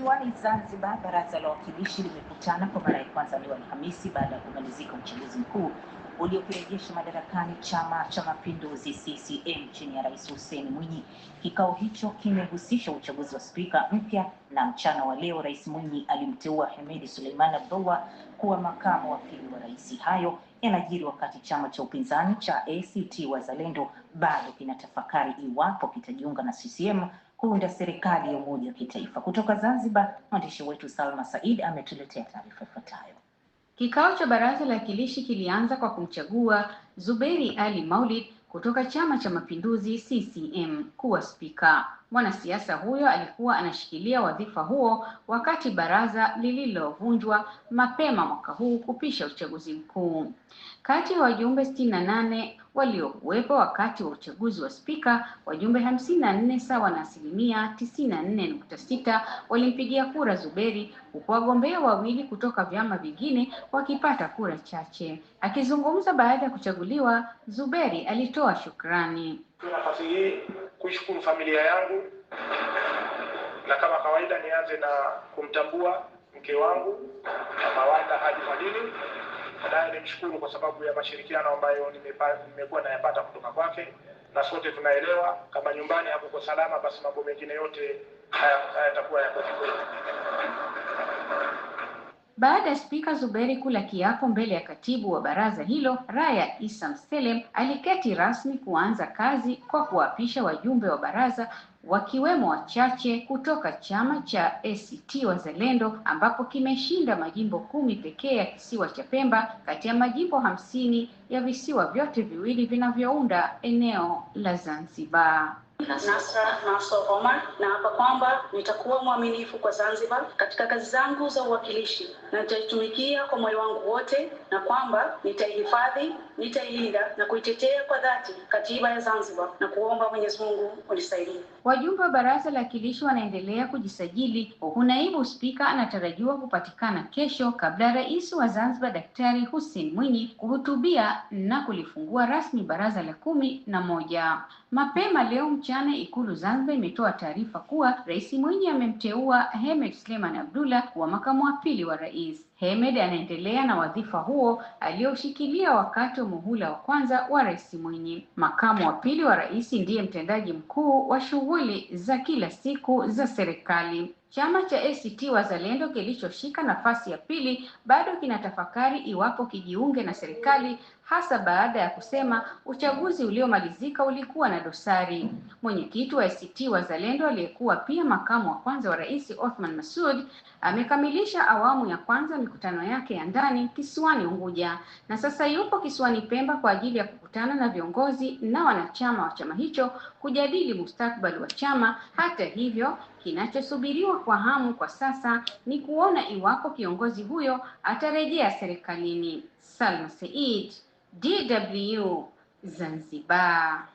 Visiwani Zanzibar, baraza la wawakilishi limekutana kwa mara ya kwanza leo Alhamisi baada ya kumalizika uchaguzi mkuu uliokirejesha madarakani Chama cha Mapinduzi CCM chini ya Rais Hussein Mwinyi. Kikao hicho kimehusisha uchaguzi wa spika mpya, na mchana wa leo Rais Mwinyi alimteua Hemedi Suleiman Abdullah kuwa makamu wa pili wa rais. Hayo yanajiri wakati chama cha upinzani cha ACT Wazalendo bado kinatafakari iwapo kitajiunga na CCM kuunda serikali ya umoja wa kitaifa. Kutoka Zanzibar, mwandishi wetu Salma Said ametuletea taarifa ifuatayo. Kikao cha baraza la wakilishi kilianza kwa kumchagua Zuberi Ali Maulid kutoka Chama cha Mapinduzi CCM kuwa spika. Mwanasiasa huyo alikuwa anashikilia wadhifa huo wakati baraza lililovunjwa mapema mwaka huu kupisha uchaguzi mkuu. Kati ya wajumbe 68 nane waliokuwepo wakati wa uchaguzi wa spika, wajumbe 54 sawa na asilimia 94.6 walimpigia kura Zuberi, huku wagombea wawili kutoka vyama vingine wakipata kura chache. Akizungumza baada ya kuchaguliwa, Zuberi alitoa shukrani. Nafasi hii kushukuru familia yangu na kama kawaida nianze na kumtambua mke wangu Mawanda Haji Fadili baadaye nimshukuru kwa sababu ya mashirikiano ambayo nimekuwa nayapata kutoka kwake, na sote tunaelewa kama nyumbani hakuko salama, basi mambo mengine yote hayatakuwa yako vizuri. Baada ya Spika Zuberi kula kiapo mbele ya katibu wa baraza hilo, Raya Issa Mselem aliketi rasmi kuanza kazi kwa kuwaapisha wajumbe wa baraza wakiwemo wachache kutoka chama cha ACT Wazalendo ambapo kimeshinda majimbo kumi pekee ya kisiwa cha Pemba kati ya majimbo hamsini ya visiwa vyote viwili vinavyounda eneo la Zanzibar. Nasra Naso Omar na hapa kwamba nitakuwa mwaminifu kwa Zanzibar katika kazi zangu za uwakilishi na nitaitumikia kwa moyo wangu wote, na kwamba nitaihifadhi, nitailinda na kuitetea kwa dhati katiba ya Zanzibar na kuomba Mwenyezi Mungu unisaidie. Wajumbe wa baraza la kilishi wanaendelea kujisajili, huku naibu spika anatarajiwa kupatikana kesho kabla ya rais wa Zanzibar Daktari Hussein Mwinyi kuhutubia na kulifungua rasmi baraza la kumi na moja mapema leo mchana mchana Ikulu Zanzibar imetoa taarifa kuwa Rais Mwinyi amemteua Hemed Suleiman Abdullah kuwa makamu wa pili wa rais. Hemed anaendelea na wadhifa huo aliyoshikilia wakati wa muhula wa kwanza wa Rais Mwinyi. Makamu wa pili wa rais ndiye mtendaji mkuu wa shughuli za kila siku za serikali. Chama cha ACT Wazalendo kilichoshika nafasi ya pili bado kinatafakari iwapo kijiunge na serikali hasa baada ya kusema uchaguzi uliomalizika ulikuwa na dosari. Mwenyekiti wa ACT Wazalendo aliyekuwa pia makamu wa kwanza wa rais Othman Masoud amekamilisha awamu ya kwanza mikutano yake ya ndani kisiwani Unguja na sasa yupo kisiwani Pemba kwa ajili ya kukutana na viongozi na wanachama wa chama hicho kujadili mustakbali wa chama. Hata hivyo, Kinachosubiriwa kwa hamu kwa sasa ni kuona iwapo kiongozi huyo atarejea serikalini. Salma Seid, DW, Zanzibar.